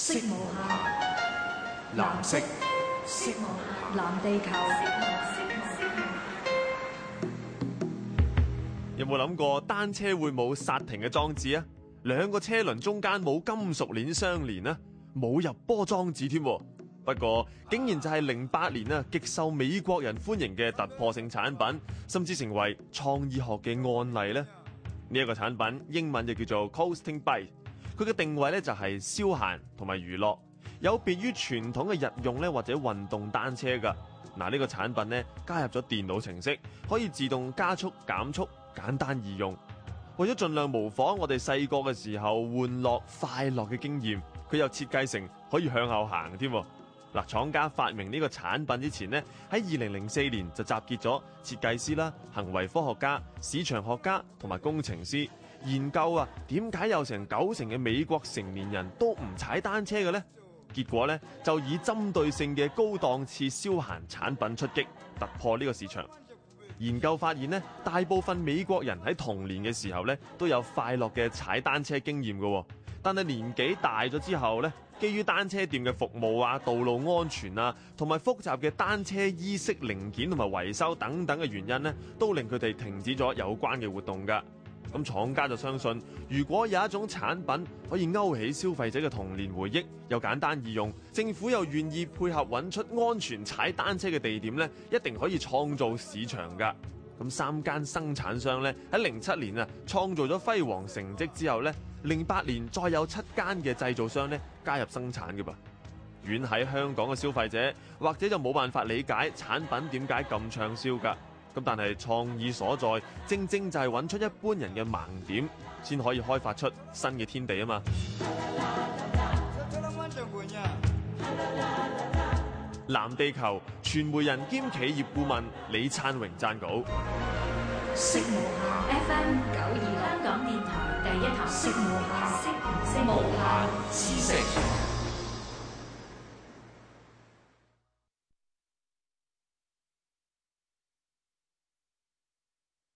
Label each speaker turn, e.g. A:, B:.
A: 色無限，藍色，色無限，藍地球。有冇諗過單車會冇剎停嘅裝置啊？兩個車輪中間冇金屬鏈相連啦，冇入波裝置添。不過竟然就係零八年啊，極受美國人歡迎嘅突破性產品，甚至成為創意學嘅案例咧。呢、這、一個產品英文就叫做 Coasting Bike。佢嘅定位咧就係消閒同埋娛樂，有別於傳統嘅日用咧或者運動單車㗎。嗱，呢個產品咧加入咗電腦程式，可以自動加速減速，簡單易用。為咗盡量模仿我哋細個嘅時候玩樂快樂嘅經驗，佢又設計成可以向後行㗎添。嗱，廠家發明呢個產品之前呢，喺二零零四年就集結咗設計師啦、行為科學家、市場學家同埋工程師。研究啊，點解有成九成嘅美國成年人都唔踩單車嘅呢？結果咧就以針對性嘅高檔次消閒產品出擊，突破呢個市場。研究發現呢，大部分美國人喺童年嘅時候咧都有快樂嘅踩單車經驗嘅。哦，但係年紀大咗之後咧，基於單車店嘅服務啊、道路安全啊、同埋複雜嘅單車衣飾零件同埋維修等等嘅原因呢，都令佢哋停止咗有關嘅活動㗎。咁廠家就相信，如果有一種產品可以勾起消費者嘅童年回憶，又簡單易用，政府又願意配合揾出安全踩單車嘅地點咧，一定可以創造市場噶。咁三間生產商咧喺零七年啊創造咗輝煌成績之後咧，零八年再有七間嘅製造商咧加入生產嘅噃。遠喺香港嘅消費者或者就冇辦法理解產品點解咁暢銷噶。咁但係創意所在，正正就係揾出一般人嘅盲點，先可以開發出新嘅天地啊嘛！藍地球傳媒人兼企業顧問李燦榮撰稿。